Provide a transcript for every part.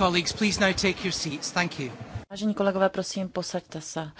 colleagues, please now take your seats. Thank you. Vážení kolegové, prosím, posaďte se.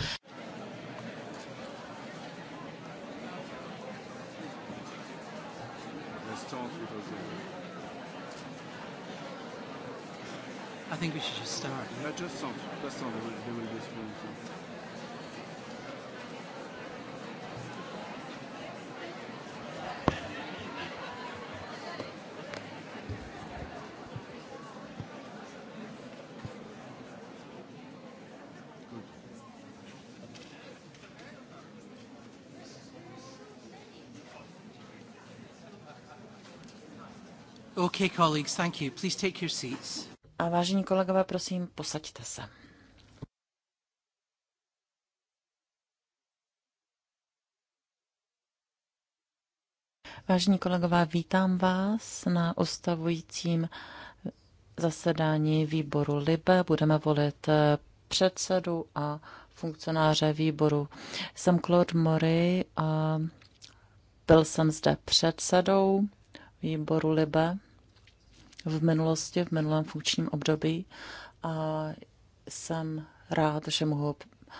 Okay, colleagues, thank you. Please take your seats. A vážení kolegové, prosím, posaďte se. Vážení kolegové, vítám vás na ustavujícím zasedání výboru LIBE. Budeme volit eh, předsedu a funkcionáře výboru. Jsem Claude Mori a byl jsem zde předsedou výboru LIBE v minulosti, v minulém funkčním období a jsem rád, že mohu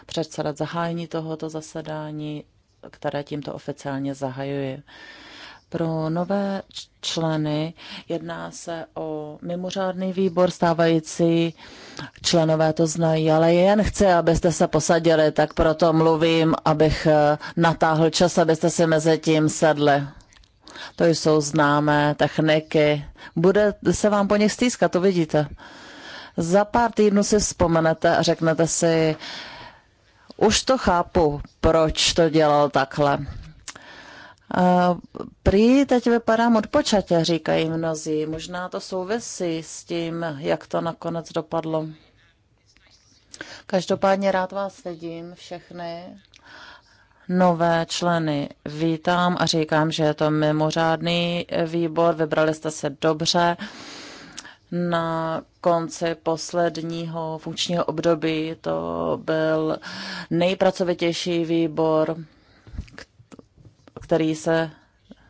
předsedat zahájení tohoto zasedání, které tímto oficiálně zahajuje. Pro nové členy jedná se o mimořádný výbor, stávající členové to znají, ale jen chci, abyste se posadili, tak proto mluvím, abych eh, natáhl čas, abyste si mezi tím sedli. To jsou známé techniky. Bude se vám po nich stýskat, to vidíte. Za pár týdnů si vzpomenete a řeknete si, už to chápu, proč to dělal takhle. A prý teď vypadám odpočatě, říkají mnozí. Možná to souvisí s tím, jak to nakonec dopadlo. Každopádně rád vás vidím všechny nové členy vítám a říkám, že je to mimořádný výbor, vybrali jste se dobře. Na konci posledního funkčního období to byl nejpracovitější výbor, který se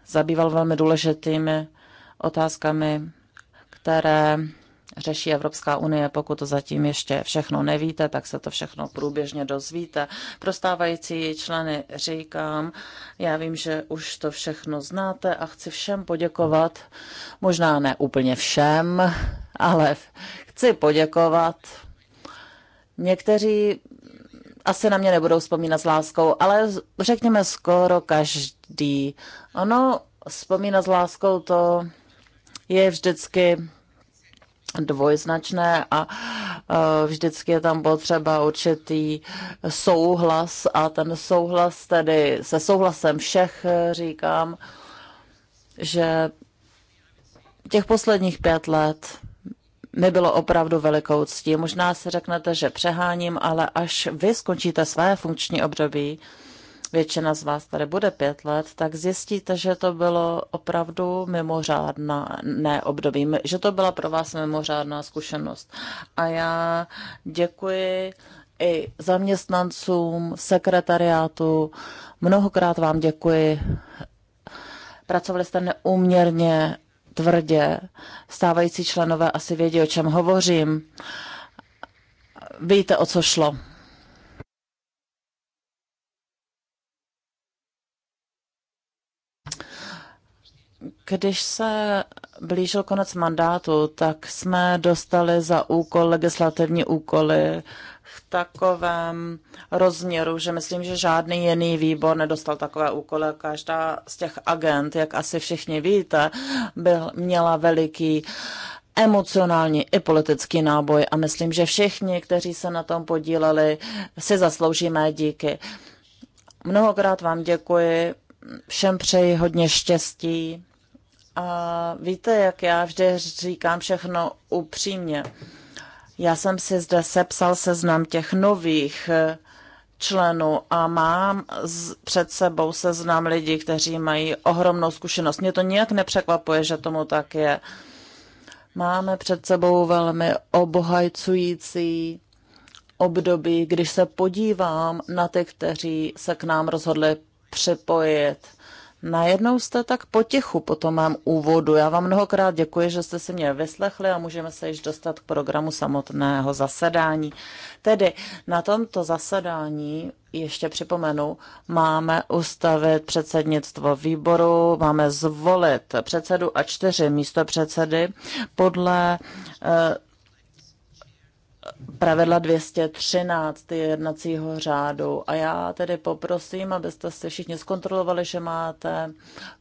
zabýval velmi důležitými otázkami, které řeší Evropská unie. Pokud to zatím ještě všechno nevíte, tak se to všechno průběžně dozvíte. Prostávající členy říkám, já vím, že už to všechno znáte a chci všem poděkovat, možná ne úplně všem, ale chci poděkovat. Někteří asi na mě nebudou vzpomínat s láskou, ale řekněme skoro každý. Ono, vzpomínat s láskou to je vždycky dvojznačné a vždycky je tam potřeba určitý souhlas a ten souhlas tedy se souhlasem všech eh, říkám, že těch posledních pět let mi bylo opravdu velikou ctí. Možná si řeknete, že přeháním, ale až vy skončíte své funkční období, většina z vás tady bude pět let, tak zjistíte, že to bylo opravdu ne, období, že to byla pro vás mimořádná zkušenost. A já děkuji i zaměstnancům, sekretariátu. Mnohokrát vám děkuji. Pracovali jste neuměrně tvrdě. Stávající členové asi vědí, o čem hovořím. Víte, o co šlo. Když se blížil konec mandátu, tak jsme dostali za úkol legislativní úkoly v takovém rozměru, že myslím, že žádný jiný výbor nedostal takové úkoly. Každá z těch agent, jak asi všichni víte, byl, měla veliký emocionální i politický náboj a myslím, že všichni, kteří se na tom podíleli, si zaslouží mé díky. Mnohokrát vám děkuji, všem přeji hodně štěstí a víte, jak já vždy říkám všechno upřímně. Já jsem si zde sepsal seznam těch nových eh, členů a mám z, před sebou seznam lidí, kteří mají ohromnou zkušenost. Mě to nijak nepřekvapuje, že tomu tak je. Máme před sebou velmi obohajcující období, když se podívám na ty, kteří se k nám rozhodli připojit. Najednou jste tak potichu po tom mém úvodu. Já vám mnohokrát děkuji, že jste si mě vyslechli a můžeme se již dostat k programu samotného zasedání. Tedy na tomto zasedání, ještě připomenu, máme ustavit předsednictvo výboru, máme zvolit předsedu a čtyři místo předsedy podle eh, pravidla 213 jednacího řádu. A já tedy poprosím, abyste si všichni zkontrolovali, že máte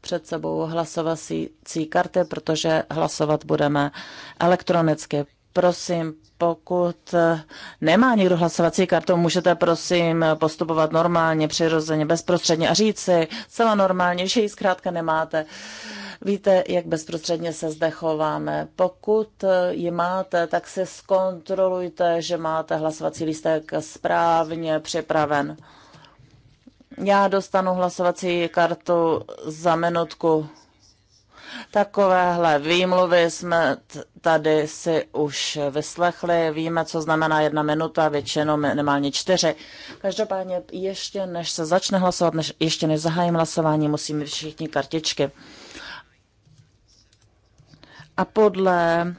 před sebou hlasovací karty, protože hlasovat budeme elektronicky. Prosím, pokud nemá někdo hlasovací kartu, můžete prosím postupovat normálně, přirozeně, bezprostředně a říct si zcela normálně, že ji zkrátka nemáte. Uh, Víte, jak bezprostředně se zde chováme. Pokud ji máte, tak se zkontrolujte, že máte hlasovací lístek správně připraven. Já dostanu hlasovací kartu za minutku. Takovéhle výmluvy jsme tady si už vyslechli. Víme, co znamená jedna minuta, většinou minimálně čtyři. Každopádně ještě než se začne hlasovat, než, ještě než zahájím hlasování, musíme všichni kartičky. A podle eh,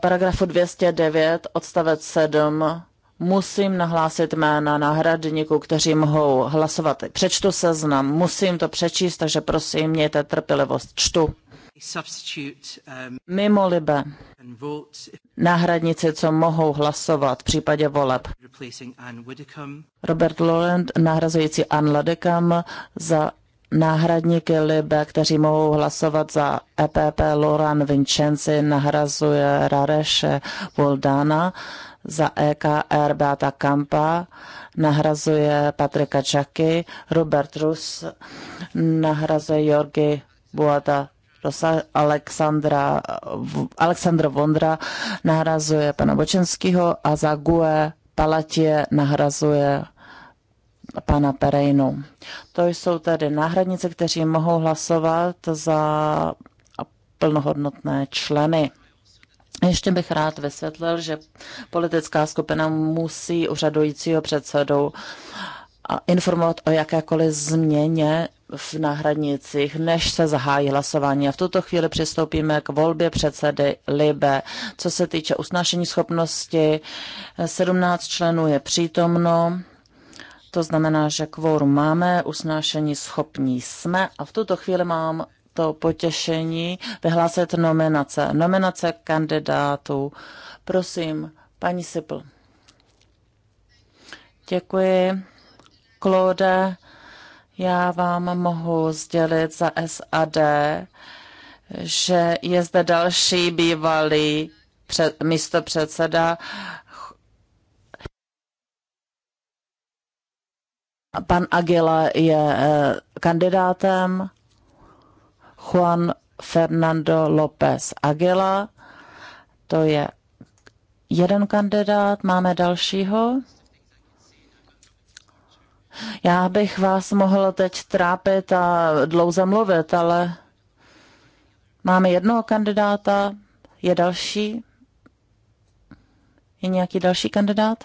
paragrafu 209 odstavec 7 musím nahlásit jména náhradníků, kteří mohou hlasovat. Přečtu seznam, musím to přečíst, takže prosím, mějte trpělivost. Čtu. Um, Mimo libe náhradnici, co mohou hlasovat v případě voleb. Robert Laurent nahrazující Ann Ladekam za náhradníky Libe, kteří mohou hlasovat za EPP, Loran Vincenzi nahrazuje Rareše Voldana, za EKR Beata Kampa nahrazuje Patrika Čaky, Robert Rus nahrazuje Jorgi Buata Rosa Alexandra, Alexandra Vondra nahrazuje pana Bočenského a za GUE Palatě nahrazuje pana Perejnu. To jsou tedy náhradnice, kteří mohou hlasovat za plnohodnotné členy. Ještě bych rád vysvětlil, že politická skupina musí úřadujícího předsedu informovat o jakékoliv změně v náhradnicích, než se zahájí hlasování. A v tuto chvíli přistoupíme k volbě předsedy Libe. Co se týče usnášení schopnosti, 17 členů je přítomno to znamená, že kvórum máme, usnášení schopní jsme a v tuto chvíli mám to potěšení vyhlásit nominace. Nominace kandidátů. Prosím, paní Sipl. Děkuji. Claude, já vám mohu sdělit za SAD, že je zde další bývalý před, místo předseda Pan Aguila je eh, kandidátem, Juan Fernando López Aguila, to je jeden kandidát, máme dalšího. Já bych vás mohl teď trápit a dlouze mluvit, ale máme jednoho kandidáta, je další. Je nějaký další kandidát?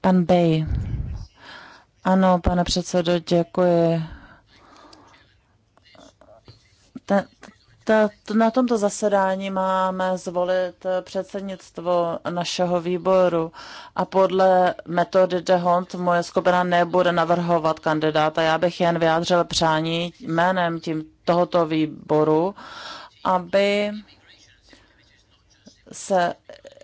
Pan Bej. Ano, pane předsedo, děkuji. Ta, ta, na tomto zasedání máme zvolit předsednictvo našeho výboru a podle metody de Hont moje skupina nebude navrhovat kandidáta. Já bych jen vyjádřil přání jménem tím tohoto výboru, aby se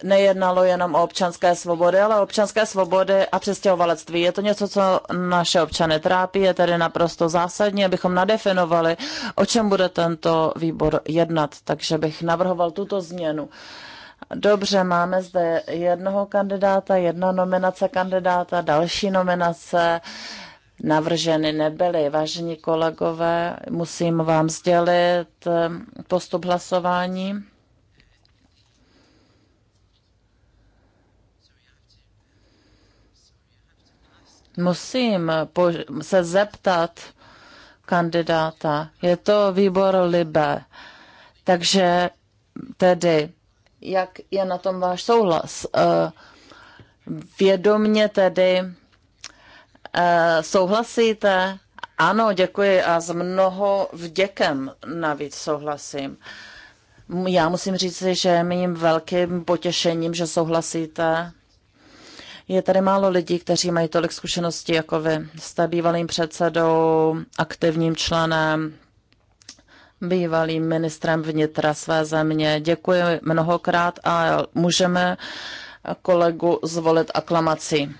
nejednalo jenom o občanské svobody, ale o občanské svobody a přestěhovalectví. Je to něco, co naše občany trápí, je tedy naprosto zásadní, abychom nadefinovali, o čem bude tento výbor jednat. Takže bych navrhoval tuto změnu. Dobře, máme zde jednoho kandidáta, jedna nominace kandidáta, další nominace navrženy nebyly. Vážení kolegové, musím vám sdělit eh, postup hlasování. musím se zeptat kandidáta. Je to výbor Libe. Takže tedy, jak je na tom váš souhlas? Eh, vědomně tedy eh, souhlasíte? Ano, děkuji a s mnoho vděkem navíc souhlasím. Já musím říct, že je mým velkým potěšením, že souhlasíte je tady málo lidí, kteří mají tolik zkušeností jako vy. Jste bývalým předsedou, aktivním členem, bývalým ministrem vnitra své země. Děkuji mnohokrát a můžeme kolegu zvolit aklamací.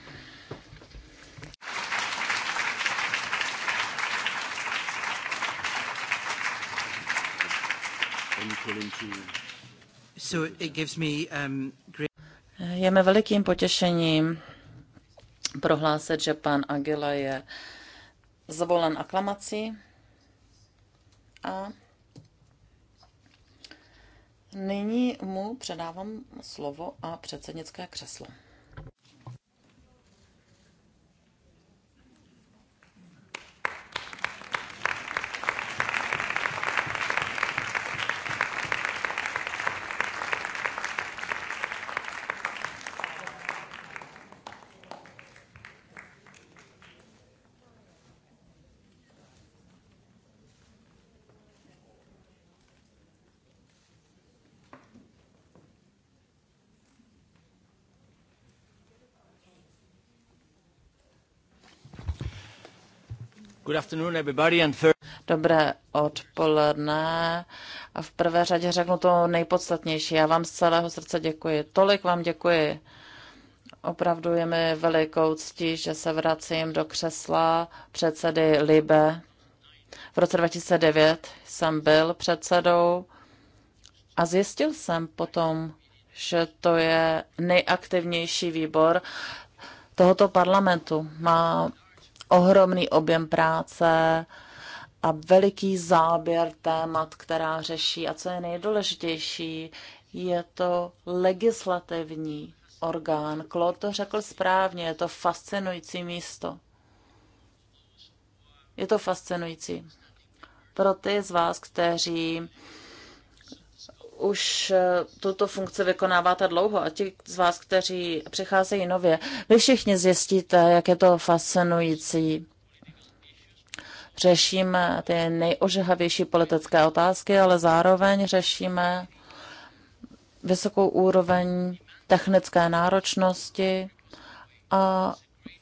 So it gives me um, great je mi velikým potěšením prohlásit, že pan Agila je zvolen aklamací a nyní mu předávám slovo a předsednické křeslo. Dobré odpoledne. A v prvé řadě řeknu to nejpodstatnější. Já vám z celého srdce děkuji. Tolik vám děkuji. Opravdu je mi velikou ctí, že se vracím do křesla předsedy Libe. V roce 2009 jsem byl předsedou a zjistil jsem potom, že to je nejaktivnější výbor tohoto parlamentu. Má ohromný objem práce a veliký záběr témat, která řeší. A co je nejdůležitější, je to legislativní orgán. Claude to řekl správně, je to fascinující místo. Je to fascinující. Pro ty z vás, kteří už eh, tuto funkci vykonáváte dlouho a ti z vás, kteří přicházejí nově, vy všichni zjistíte, jak je to fascinující. Řešíme ty nejožehavější politické otázky, ale zároveň řešíme vysokou úroveň technické náročnosti a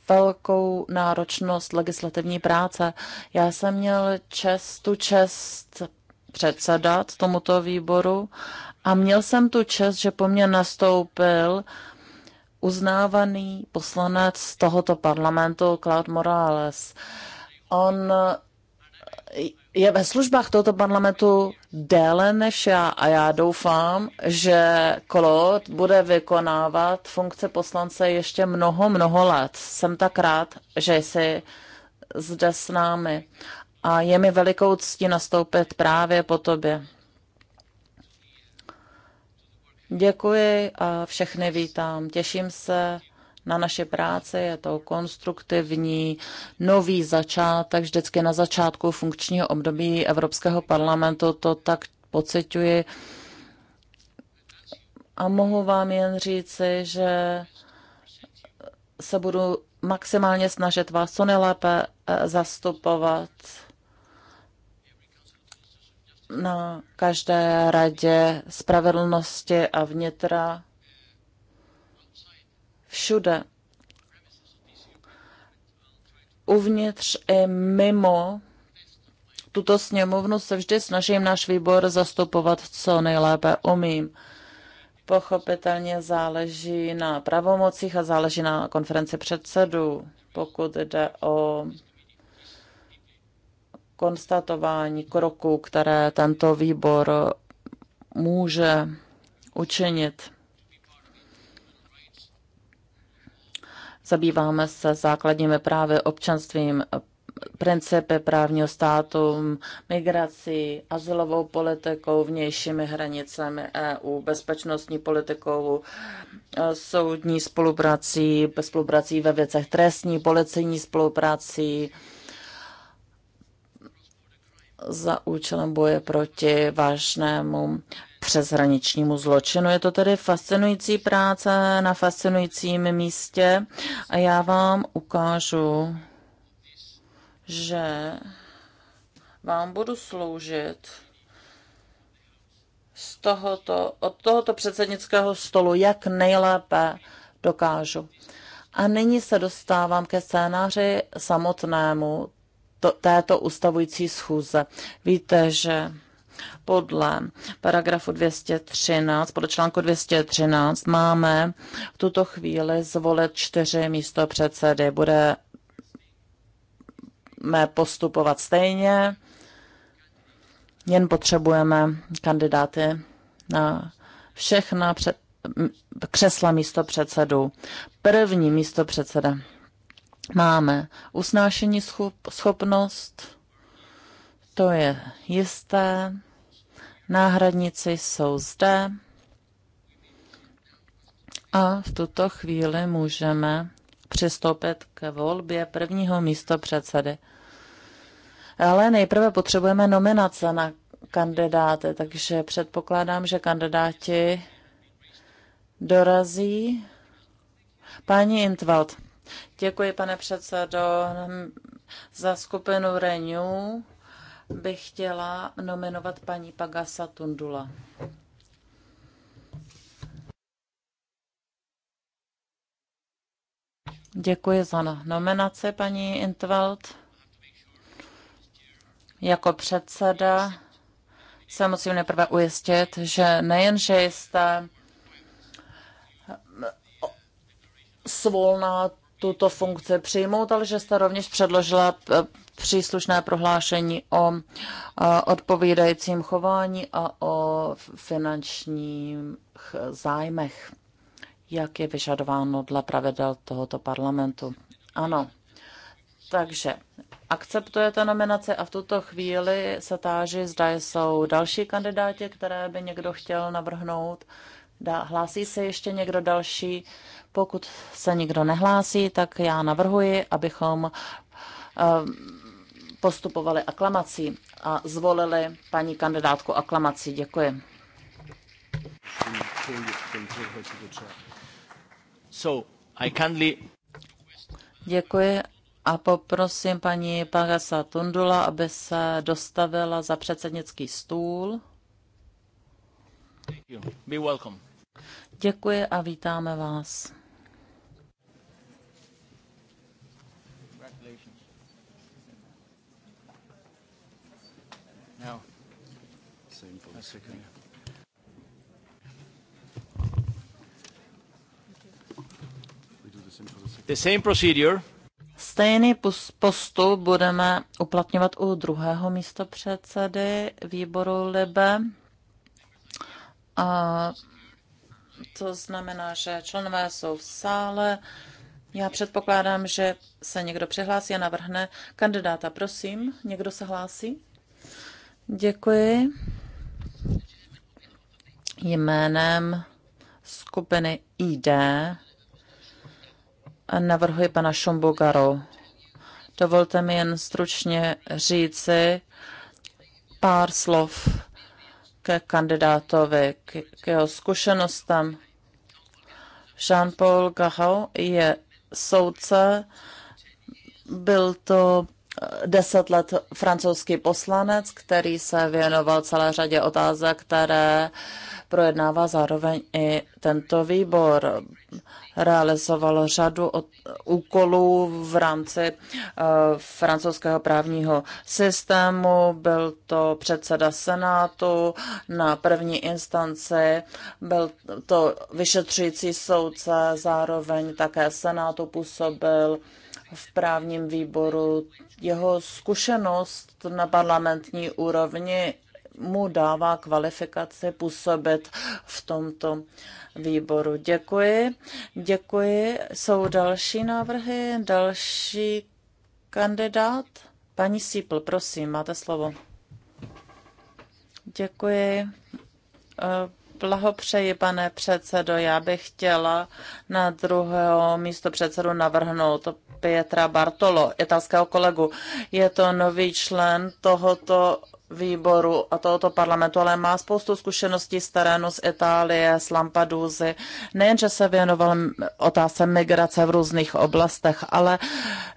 velkou náročnost legislativní práce. Já jsem měl čest, tu čest předsedat tomuto výboru a měl jsem tu čest, že po mně nastoupil uznávaný poslanec z tohoto parlamentu Claude Morales. On je ve službách tohoto parlamentu déle než já a já doufám, že Claude bude vykonávat funkce poslance ještě mnoho, mnoho let. Jsem tak rád, že jsi zde s námi a je mi velikou cti nastoupit právě po tobě. Děkuji a všechny vítám. Těším se na naše práce, je to konstruktivní, nový začátek, vždycky na začátku funkčního období Evropského parlamentu to tak pociťuji. A mohu vám jen říci, že se budu maximálně snažit vás co nejlépe eh, zastupovat na každé radě spravedlnosti a vnitra, všude, uvnitř i mimo tuto sněmovnu se vždy snažím náš výbor zastupovat, co nejlépe umím. Pochopitelně záleží na pravomocích a záleží na konferenci předsedů, pokud jde o konstatování kroku, které tento výbor může učinit. Zabýváme se základními právy občanstvím, principy právního státu, migrací, azylovou politikou, vnějšími hranicemi EU, bezpečnostní politikou, soudní spoluprací, spoluprací ve věcech trestní, policejní spoluprací, za účelem boje proti vážnému přeshraničnímu zločinu. Je to tedy fascinující práce na fascinujícím místě a já vám ukážu, že vám budu sloužit z tohoto, od tohoto předsednického stolu, jak nejlépe dokážu. A nyní se dostávám ke scénáři samotnému to, této ustavující schůze. Víte, že podle paragrafu 213, podle článku 213 máme v tuto chvíli zvolit čtyři místo předsedy. Budeme postupovat stejně, jen potřebujeme kandidáty na všechna před, křesla místo předsedů. První místo předseda. Máme usnášení schopnost, to je jisté. Náhradníci jsou zde. A v tuto chvíli můžeme přistoupit k volbě prvního místo předsedy. Ale nejprve potřebujeme nominace na kandidáty, takže předpokládám, že kandidáti dorazí. Pani Intwald. Děkuji, pane předsedo. Za skupinu Renew bych chtěla nominovat paní Pagasa Tundula. Děkuji za nominaci, paní Intveld. Jako předseda se musím nejprve ujistit, že nejenže jste svolná tuto funkci přijmout, ale že jste rovněž předložila eh, příslušné prohlášení o eh, odpovídajícím chování a o finančních zájmech, jak je vyžadováno dle pravidel tohoto parlamentu. Ano. Takže akceptujete nominaci a v tuto chvíli se táží, zda jsou další kandidáti, které by někdo chtěl navrhnout. Dá, hlásí se ještě někdo další? Pokud se nikdo nehlásí, tak já navrhuji, abychom eh, postupovali aklamací a zvolili paní kandidátku aklamací. Děkuji. So, I kindly... Děkuji a poprosím paní Pagasa Tundula, aby se dostavila za předsednický stůl. Be welcome. Děkuji a vítáme vás. The same procedure. Stejný postup budeme uplatňovat u druhého místa předsedy výboru LIBE. A to znamená, že členové jsou v sále. Já předpokládám, že se někdo přihlásí a navrhne kandidáta. Prosím, někdo se hlásí? Děkuji jménem skupiny ID navrhuji pana Šombogaru. Dovolte mi jen stručně říci pár slov ke kandidátovi, k, k jeho zkušenostem. Jean-Paul Gahau je soudce, byl to deset let francouzský poslanec, který se věnoval celé řadě otázek, které projednává zároveň i tento výbor. Realizoval řadu od, úkolů v rámci uh, francouzského právního systému. Byl to předseda Senátu na první instanci, byl to vyšetřující soudce, zároveň také Senátu působil uh, v právním výboru. Jeho zkušenost na parlamentní úrovni mu dává kvalifikaci působit v tomto výboru. Děkuji. Děkuji. Jsou další návrhy, další kandidát? Paní Sípl, prosím, máte slovo. Děkuji. Eh, Blahopřeji, pane předsedo. Já bych chtěla na druhého místo předsedu navrhnout Pietra Bartolo, italského kolegu. Je to nový člen tohoto výboru a tohoto parlamentu, ale má spoustu zkušeností z terénu z Itálie, z Lampaduzy. Nejenže se věnoval otázce migrace v různých oblastech, ale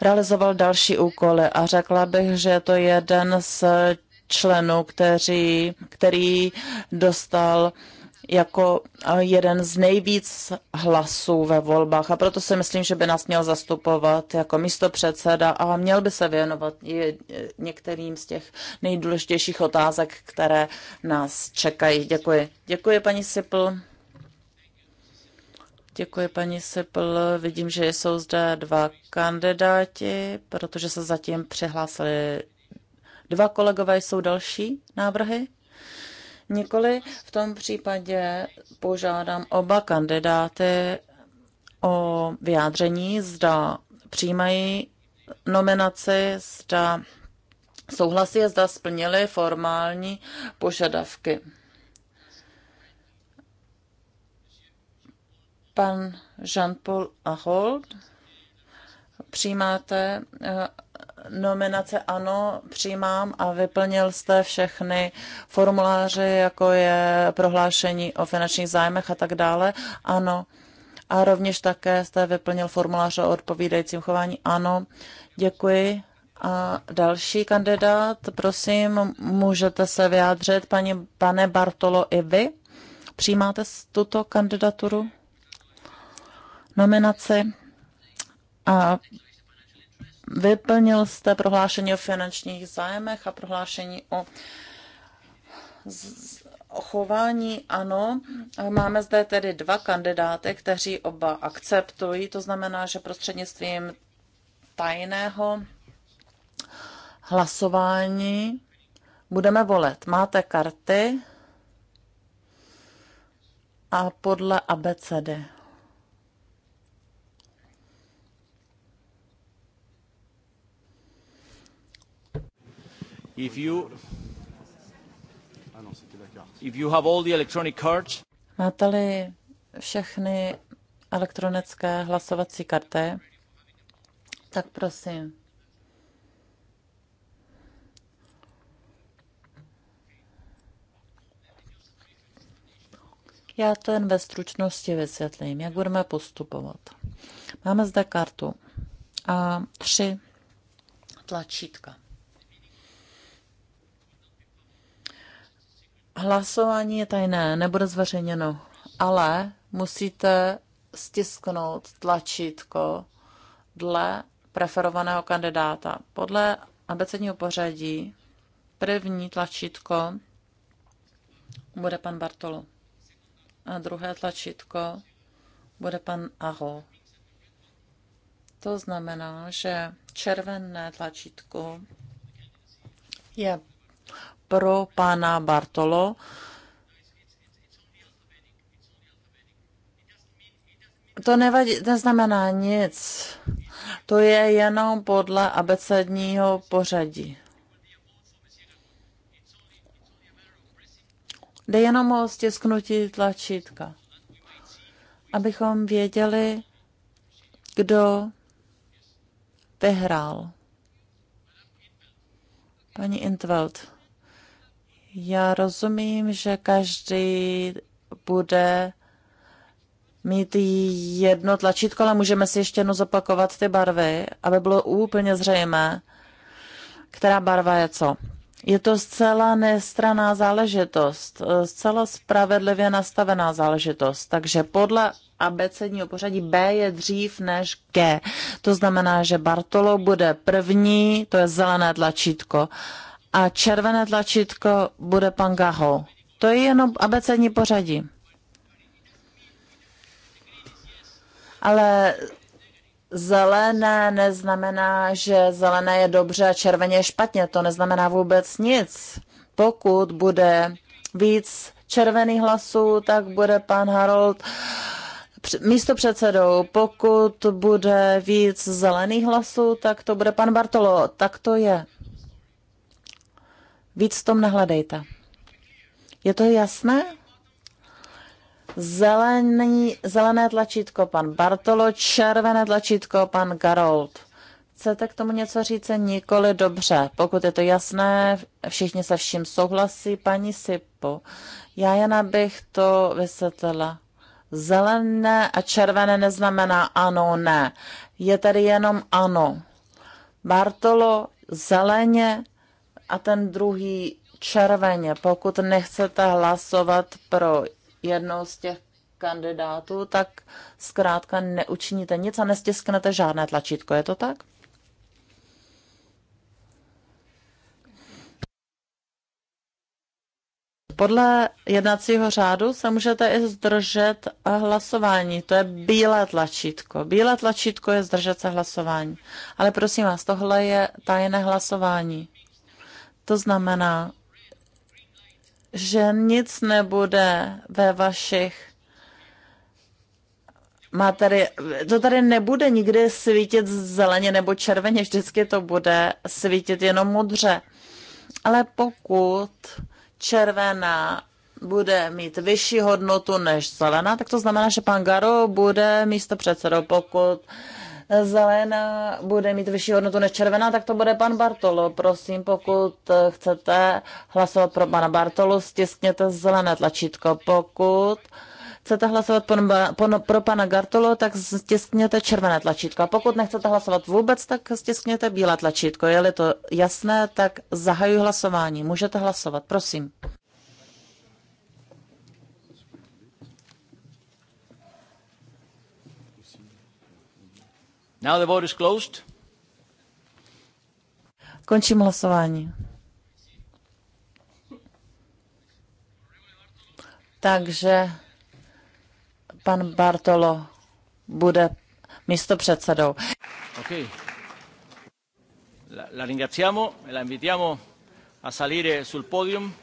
realizoval další úkoly a řekla bych, že je to jeden z členů, který, který dostal jako eh, jeden z nejvíc hlasů ve volbách a proto si myslím, že by nás měl zastupovat jako místo předseda a měl by se věnovat některým z těch nejdůležitějších otázek, které nás čekají. Děkuji. Děkuji, paní Sipl. Děkuji, paní Sipl. Vidím, že jsou zde dva kandidáti, protože se zatím přihlásili dva kolegové. Jsou další návrhy? Nikoli v tom případě požádám oba kandidáty o vyjádření, zda přijímají nominaci, zda souhlasí zda splnili formální požadavky. Pan Jean-Paul Ahold, přijímáte eh, nominace ano, přijímám a vyplnil jste všechny formuláře, jako je prohlášení o finančních zájmech a tak dále. Ano. A rovněž také jste vyplnil formulář o odpovídajícím chování. Ano, děkuji. A další kandidát, prosím, můžete se vyjádřit, paní, pane Bartolo, i vy? Přijímáte tuto kandidaturu? Nominaci? A Vyplnil jste prohlášení o finančních zájmech a prohlášení o O chování ano. Máme zde tedy dva kandidáty, kteří oba akceptují. To znamená, že prostřednictvím tajného hlasování budeme volet. Máte karty a podle abecedy. Máte-li všechny elektronické hlasovací karty, tak prosím. Já to jen ve stručnosti vysvětlím, jak budeme postupovat. Máme zde kartu a tři tlačítka. Hlasování je tajné, nebude zveřejněno, ale musíte stisknout tlačítko dle preferovaného kandidáta. Podle abecedního pořadí první tlačítko bude pan Bartolo a druhé tlačítko bude pan Aho. To znamená, že červené tlačítko je pro pana Bartolo. To nevadí, neznamená nic. To je jenom podle abecedního pořadí. Jde jenom o stisknutí tlačítka, abychom věděli, kdo vyhrál. Paní Intveld. Já rozumím, že každý bude mít jedno tlačítko, ale můžeme si ještě jednou zopakovat ty barvy, aby bylo úplně zřejmé, která barva je co. Je to zcela nestraná záležitost, zcela spravedlivě nastavená záležitost. Takže podle abecedního pořadí B je dřív než G. To znamená, že Bartolo bude první, to je zelené tlačítko, a červené tlačítko bude pan Gaho. To je jenom abecední pořadí. Ale zelené neznamená, že zelené je dobře a červeně je špatně. To neznamená vůbec nic. Pokud bude víc červených hlasů, tak bude pan Harold místo předsedou. Pokud bude víc zelených hlasů, tak to bude pan Bartolo. Tak to je. Víc tom nehledejte. Je to jasné? Zelený, zelené tlačítko pan Bartolo, červené tlačítko pan Garold. Chcete k tomu něco říct? Nikoli dobře. Pokud je to jasné, všichni se vším souhlasí. Paní Sipo, já jen bych to vysvětlila. Zelené a červené neznamená ano, ne. Je tady jenom ano. Bartolo, zeleně, a ten druhý červeně. Pokud nechcete hlasovat pro jednou z těch kandidátů, tak zkrátka neučiníte nic a nestisknete žádné tlačítko. Je to tak? Podle jednacího řádu se můžete i zdržet hlasování. To je bílé tlačítko. Bílé tlačítko je zdržet se hlasování. Ale prosím vás, tohle je tajné hlasování. To znamená, že nic nebude ve vašich materi- to tady nebude nikdy svítit zeleně nebo červeně, vždycky to bude svítit jenom modře. Ale pokud červená bude mít vyšší hodnotu než zelená, tak to znamená, že pan Garo bude místo předsedou. Pokud zelená bude mít vyšší hodnotu než červená, tak to bude pan Bartolo. Prosím, pokud chcete hlasovat pro pana Bartolu, stiskněte zelené tlačítko. Pokud chcete hlasovat pro, pro, pro pana Gartolo, tak stiskněte červené tlačítko. A pokud nechcete hlasovat vůbec, tak stiskněte bílé tlačítko. Je-li to jasné, tak zahajuji hlasování. Můžete hlasovat, prosím. Now the vote is closed. Končím hlasování. Takže pan Bartolo bude místo předsedou. Okay. La, la la invitiamo a salire sul podium.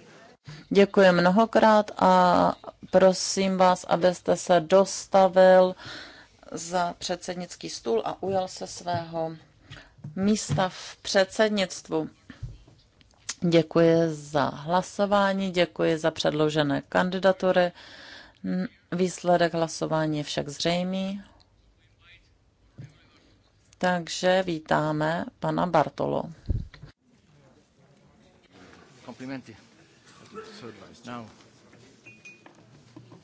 Děkuji mnohokrát a prosím vás, abyste se dostavil za předsednický stůl a ujal se svého místa v předsednictvu. Děkuji za hlasování, děkuji za předložené kandidatury. Výsledek hlasování je však zřejmý. Takže vítáme pana Bartolo. Komplimenty. Now.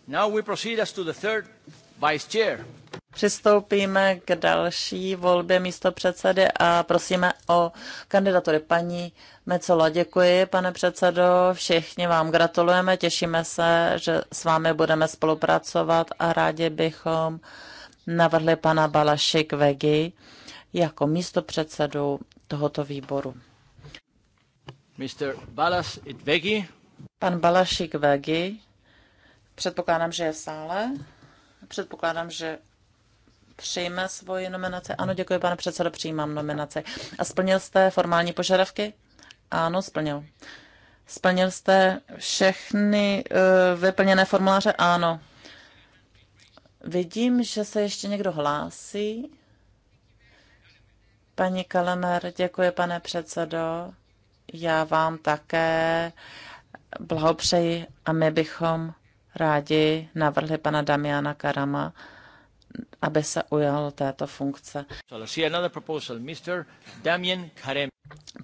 Now we proceed as to the third vice chair. Přistoupíme k další volbě místo předsedy a prosíme o kandidatury. Paní Mecola, děkuji, pane předsedo, všichni vám gratulujeme, těšíme se, že s vámi budeme spolupracovat a rádi bychom navrhli pana Balašik Vegi jako místo předsedu tohoto výboru. Mr. Balas Itvegi. Pan Balašik Vegi, předpokládám, že je v sále. Předpokládám, že přijme svoji nominaci? Ano, děkuji, pane předsedo, přijímám nominaci. A splnil jste formální požadavky? Ano, splnil. Splnil jste všechny uh, vyplněné formuláře? Ano. Vidím, že se ještě někdo hlásí. Paní Kalemer, děkuji, pane předsedo. Já vám také blahopřeji a my bychom rádi navrhli pana Damiana Karama aby se ujal této funkce.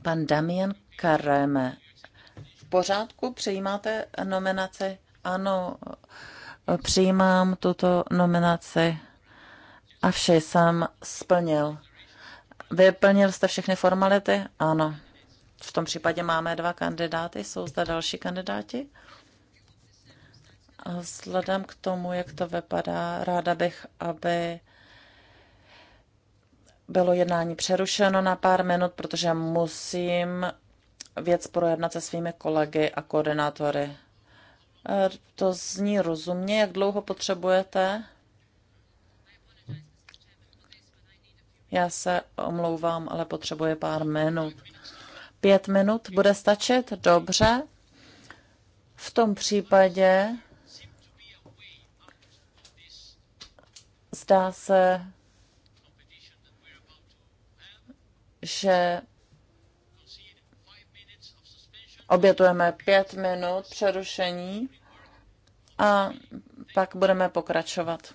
Pan Damien Kareme. V pořádku přijímáte nominaci? Ano, přijímám tuto nominaci a vše jsem splnil. Vyplnil jste všechny formality? Ano. V tom případě máme dva kandidáty. Jsou zde další kandidáti? Vzhledem k tomu, jak to vypadá, ráda bych, aby bylo jednání přerušeno na pár minut, protože musím věc projednat se svými kolegy a koordinátory. E, to zní rozumně. Jak dlouho potřebujete? Já se omlouvám, ale potřebuje pár minut. Pět minut bude stačit? Dobře. V tom případě Zdá se, že obětujeme pět minut přerušení a pak budeme pokračovat.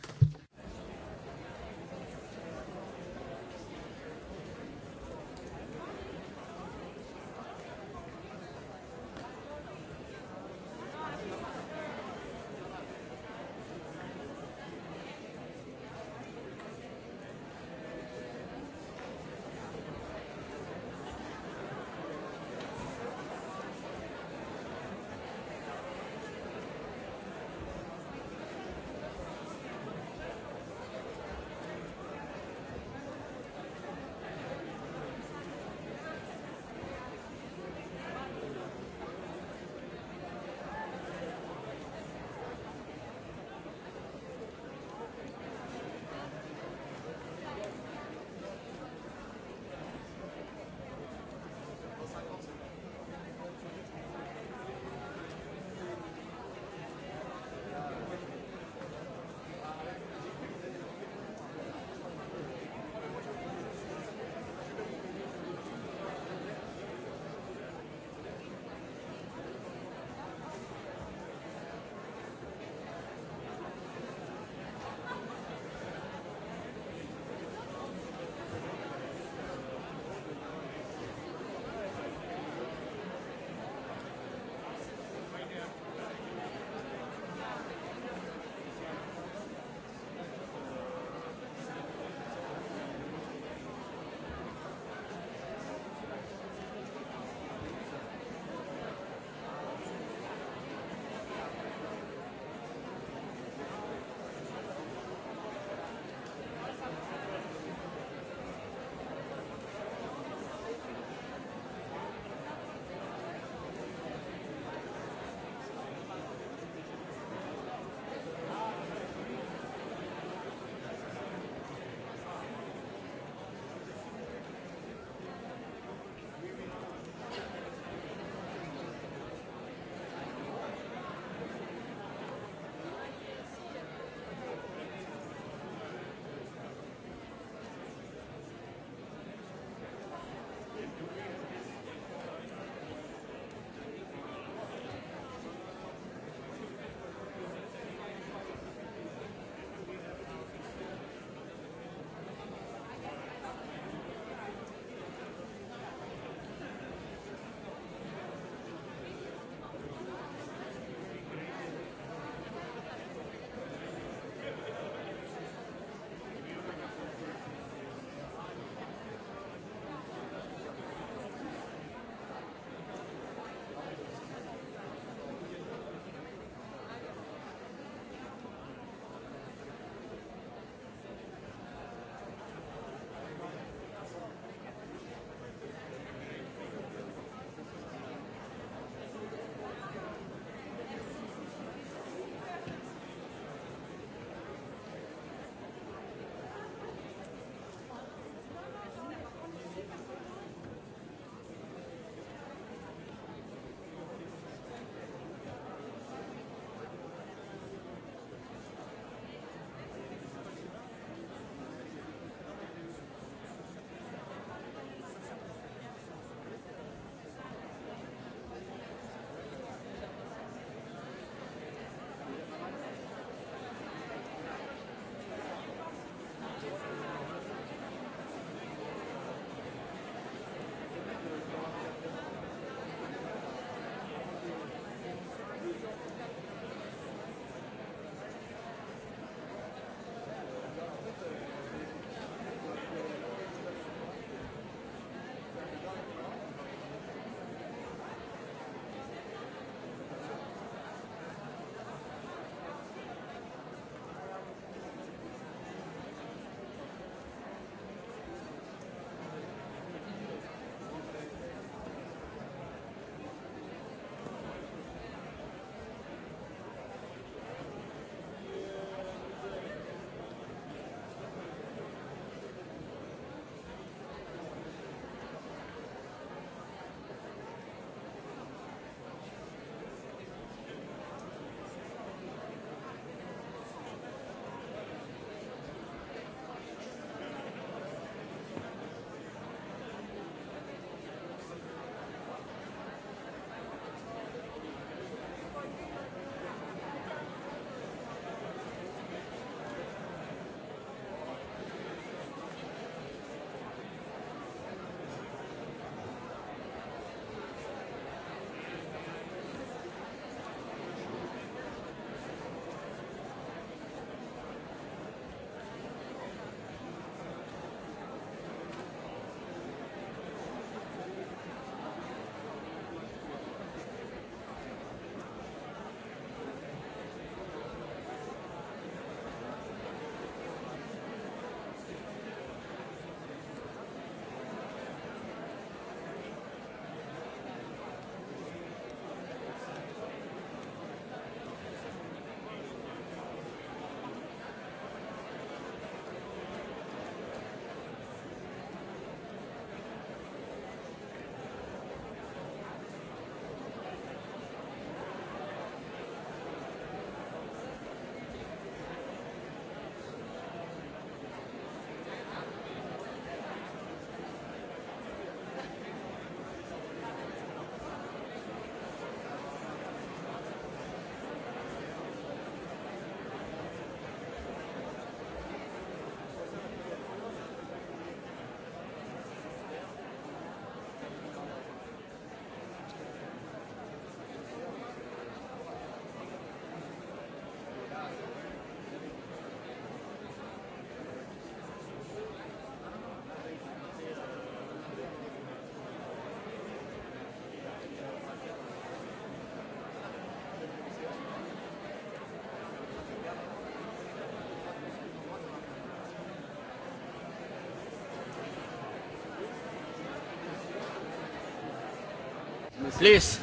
Please.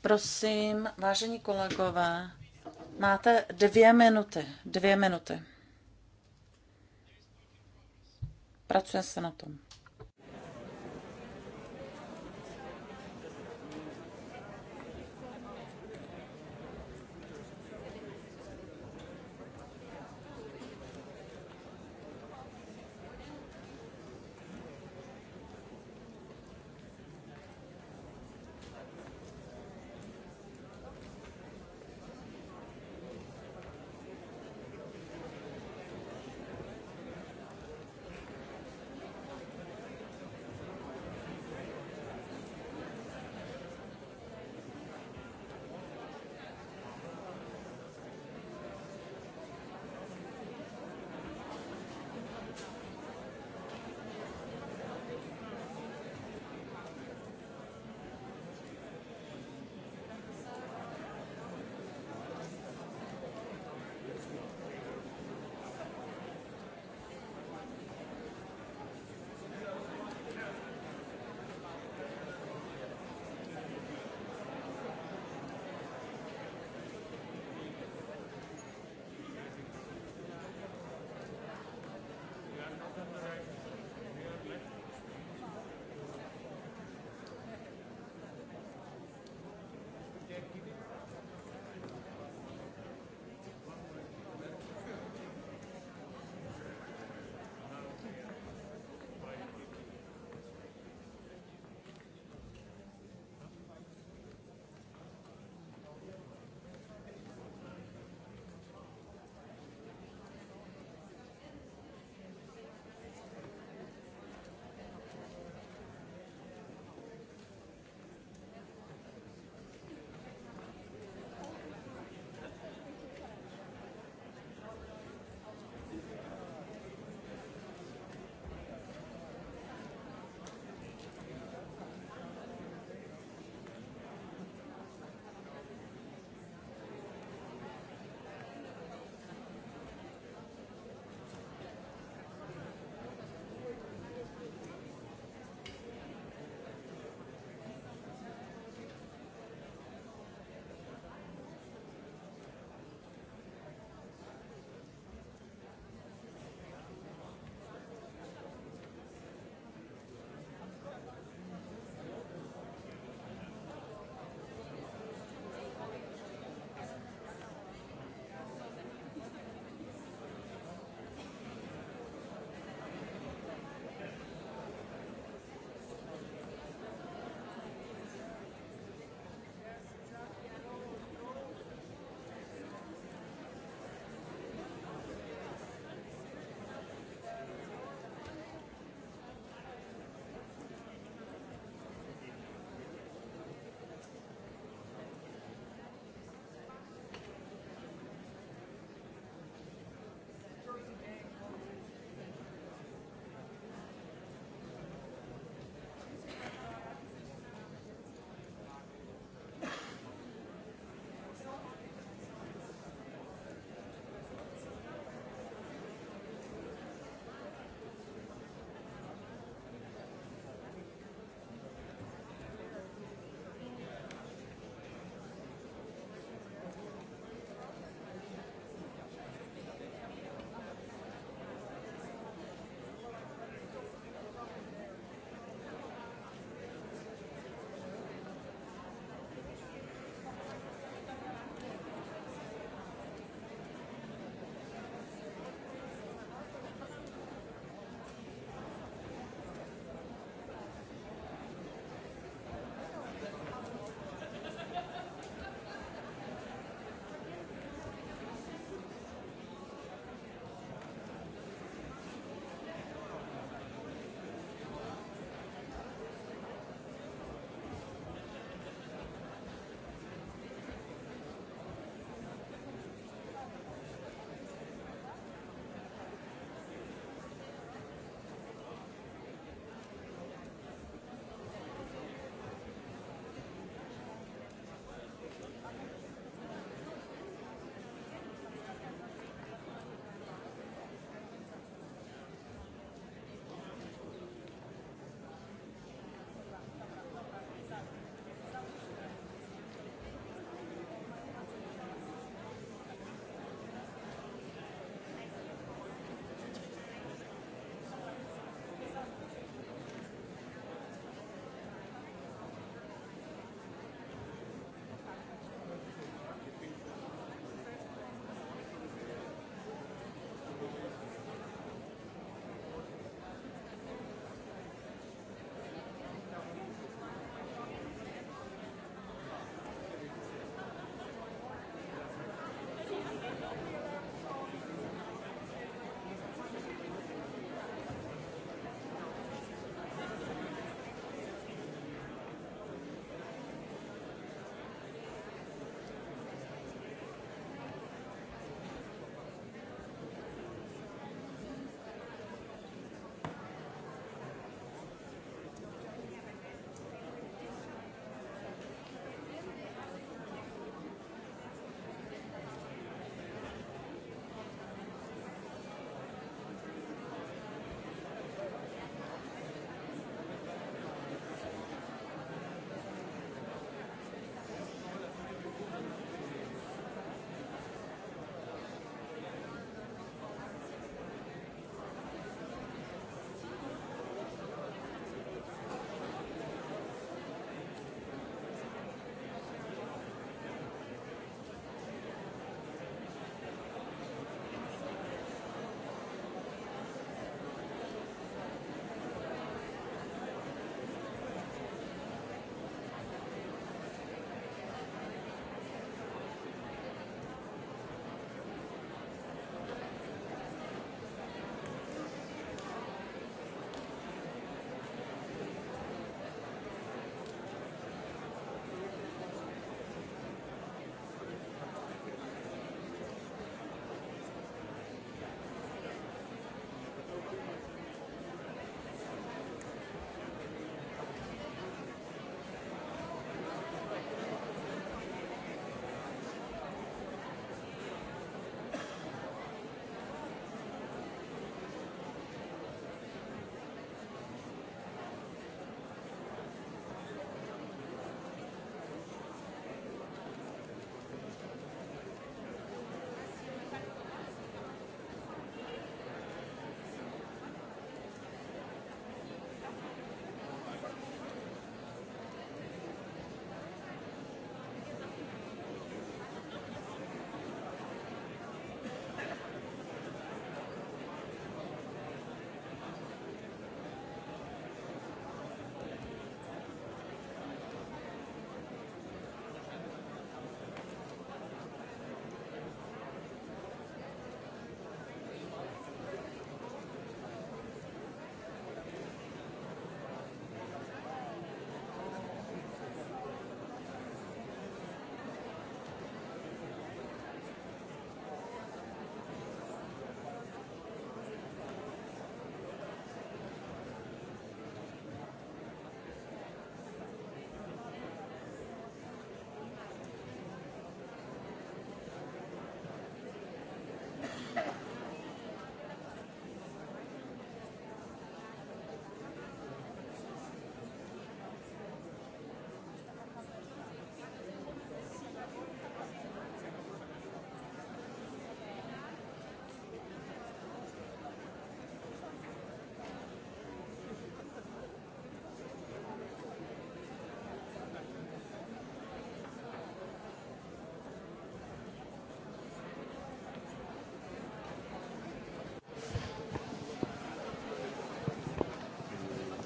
Prosím, vážení kolegové, máte dvě minuty. Dvě minuty. Pracuje se na tom.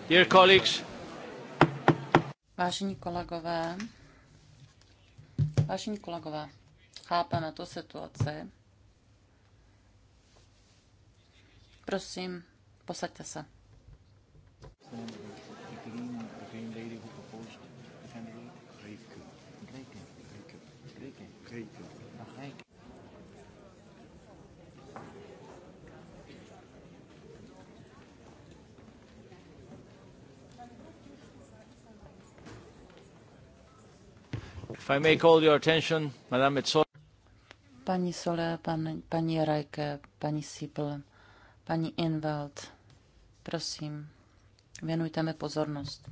Dear colleagues. Vážení kolegové, vážení kolegové, chápeme tu situaci. Prosím, posaďte se. Paní Solé, pan, paní Rajke, paní Sipl, paní Inveld, prosím, věnujte mi pozornost.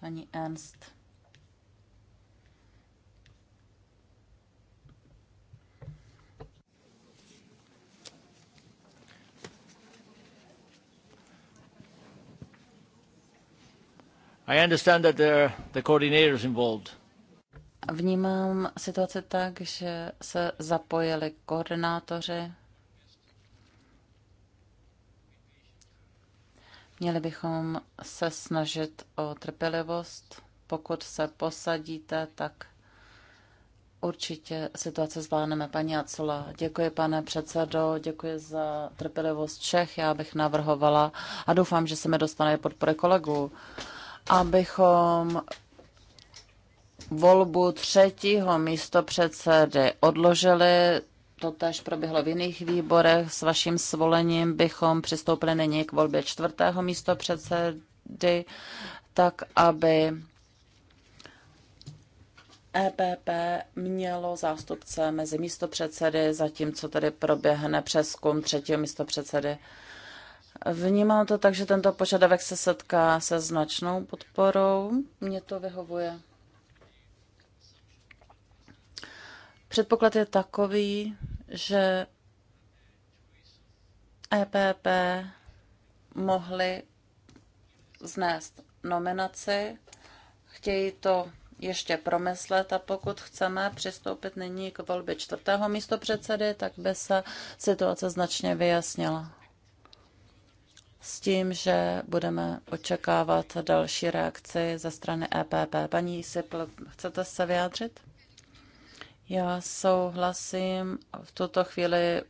Paní Ernst. I understand that there are the coordinators involved. Vnímám situaci tak, že se zapojili koordinátoři. Měli bychom se snažit o trpělivost. Pokud se posadíte, tak určitě situace zvládneme. Paní Acula, děkuji pane předsedo, děkuji za trpělivost všech. Já bych navrhovala a doufám, že se mi dostane podpory kolegů, abychom volbu třetího místo předsedy odložili. To tež proběhlo v jiných výborech. S vaším svolením bychom přistoupili nyní k volbě čtvrtého místo předsedy, tak aby EPP mělo zástupce mezi místopředsedy, zatímco tady proběhne přeskum třetího místopředsedy. Vnímám to tak, že tento požadavek se setká se značnou podporou. Mně to vyhovuje. Předpoklad je takový, že EPP mohli znést nominaci, chtějí to ještě promyslet a pokud chceme přistoupit nyní k volbě čtvrtého místo předsedy, tak by se situace značně vyjasnila. S tím, že budeme očekávat další reakci ze strany EPP. Paní Sipl, chcete se vyjádřit? Já souhlasím. V tuto chvíli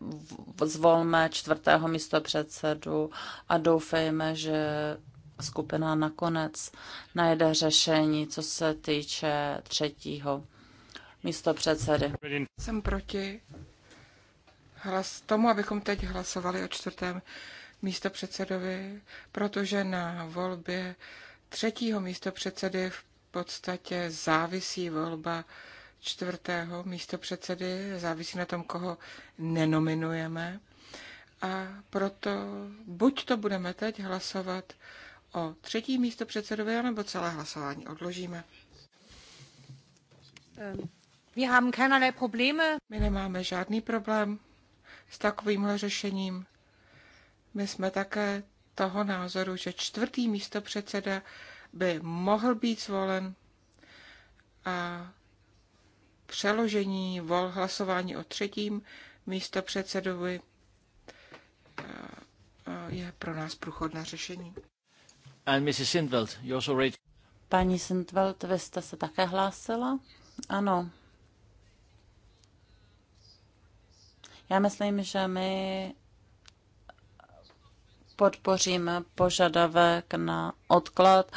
zvolme čtvrtého místo předsedu a doufejme, že skupina nakonec najde řešení, co se týče třetího místo předsedy. Jsem proti hlas tomu, abychom teď hlasovali o čtvrtém místo předsedovi, protože na volbě třetího místo předsedy v podstatě závisí volba čtvrtého místo předsedy, závisí na tom, koho nenominujeme. A proto buď to budeme teď hlasovat o třetí místo předsedovi, nebo celé hlasování odložíme. Wir haben keinerlei Probleme. My nemáme žádný problém s takovýmhle řešením. My jsme také toho názoru, že čtvrtý místo předseda by mohl být zvolen a přeložení vol hlasování o třetím místo předsedovi eh, eh, je pro nás průchodné řešení. And Mrs. Sindveld, you also read... Paní Sintveld, vy jste se také hlásila? Ano. Já myslím, že my podpoříme požadavek na odklad.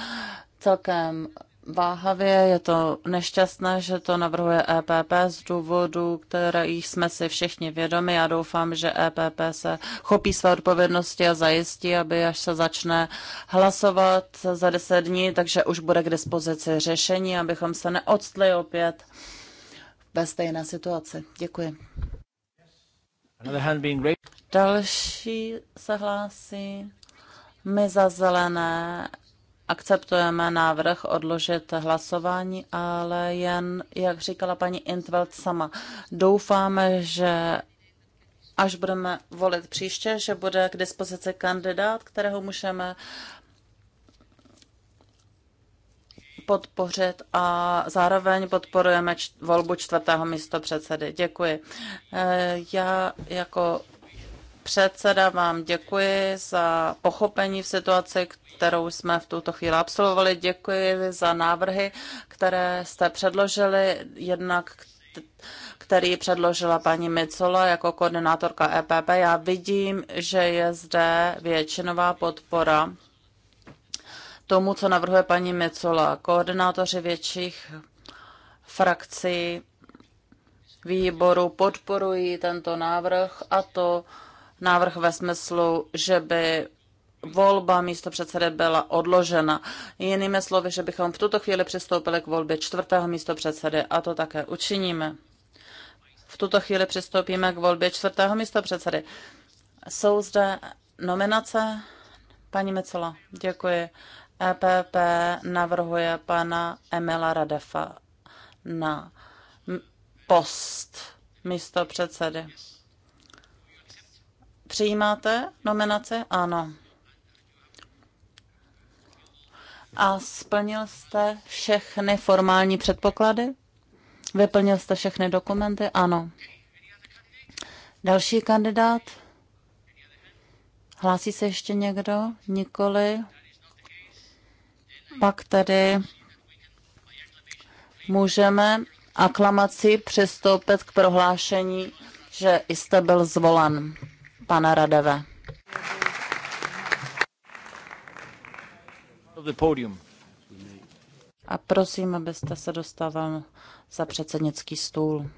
Celkem váhavě, je to nešťastné, že to navrhuje EPP z důvodu, které jsme si všichni vědomi. Já doufám, že EPP se chopí své odpovědnosti a zajistí, aby až se začne hlasovat za deset dní, takže už bude k dispozici řešení, abychom se neodstli opět ve stejné situaci. Děkuji. Další se hlásí. My za zelené akceptujeme návrh odložit hlasování, ale jen, jak říkala paní Intveld sama, doufáme, že až budeme volit příště, že bude k dispozici kandidát, kterého můžeme podpořit a zároveň podporujeme volbu čtvrtého místo předsedy. Děkuji. Eh, já jako předseda, vám děkuji za pochopení v situaci, kterou jsme v tuto chvíli absolvovali. Děkuji za návrhy, které jste předložili, jednak který předložila paní Micola jako koordinátorka EPP. Já vidím, že je zde většinová podpora tomu, co navrhuje paní Micola. Koordinátoři větších frakcí výboru podporují tento návrh a to návrh ve smyslu, že by volba místo předsedy byla odložena. Jinými slovy, že bychom v tuto chvíli přistoupili k volbě čtvrtého místo předsedy a to také učiníme. V tuto chvíli přistoupíme k volbě čtvrtého místo předsedy. Jsou zde nominace? Paní Mecola, děkuji. EPP navrhuje pana Emila Radefa na post místo předsedy. Přijímáte nominace? Ano. A splnil jste všechny formální předpoklady? Vyplnil jste všechny dokumenty? Ano. Další kandidát? Hlásí se ještě někdo? Nikoli. Pak tedy můžeme aklamací přistoupit k prohlášení, že jste byl zvolen pana Radeve. A prosím, abyste se dostával za předsednický stůl.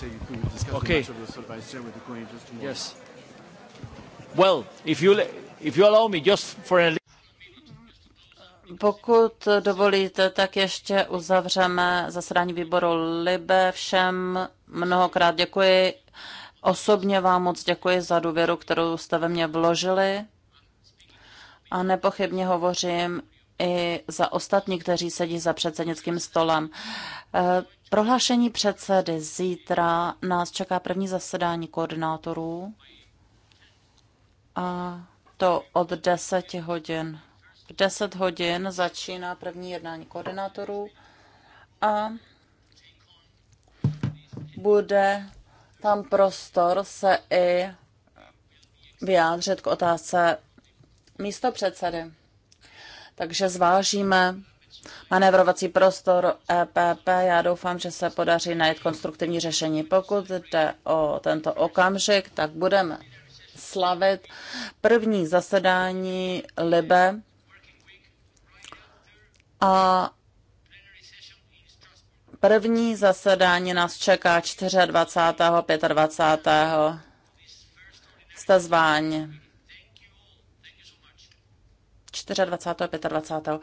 say you discuss okay. the match of the with the tomorrow. Yes. Well, if you, if you allow me just for a pokud dovolíte, tak ještě uzavřeme zasedání výboru Libe. Všem mnohokrát děkuji. Osobně vám moc děkuji za důvěru, kterou jste ve mě vložili. A nepochybně hovořím i za ostatní, kteří sedí za předsednickým stolem. Eh, prohlášení předsedy zítra nás čeká první zasedání koordinátorů a to od 10 hodin. V 10 hodin začíná první jednání koordinátorů a bude tam prostor se i vyjádřit k otázce místo předsedy. Takže zvážíme manévrovací prostor EPP. Já doufám, že se podaří najít konstruktivní řešení. Pokud jde o tento okamžik, tak budeme slavit první zasedání Libe a první zasedání nás čeká 24. 25. jste zváni. 24. a 25.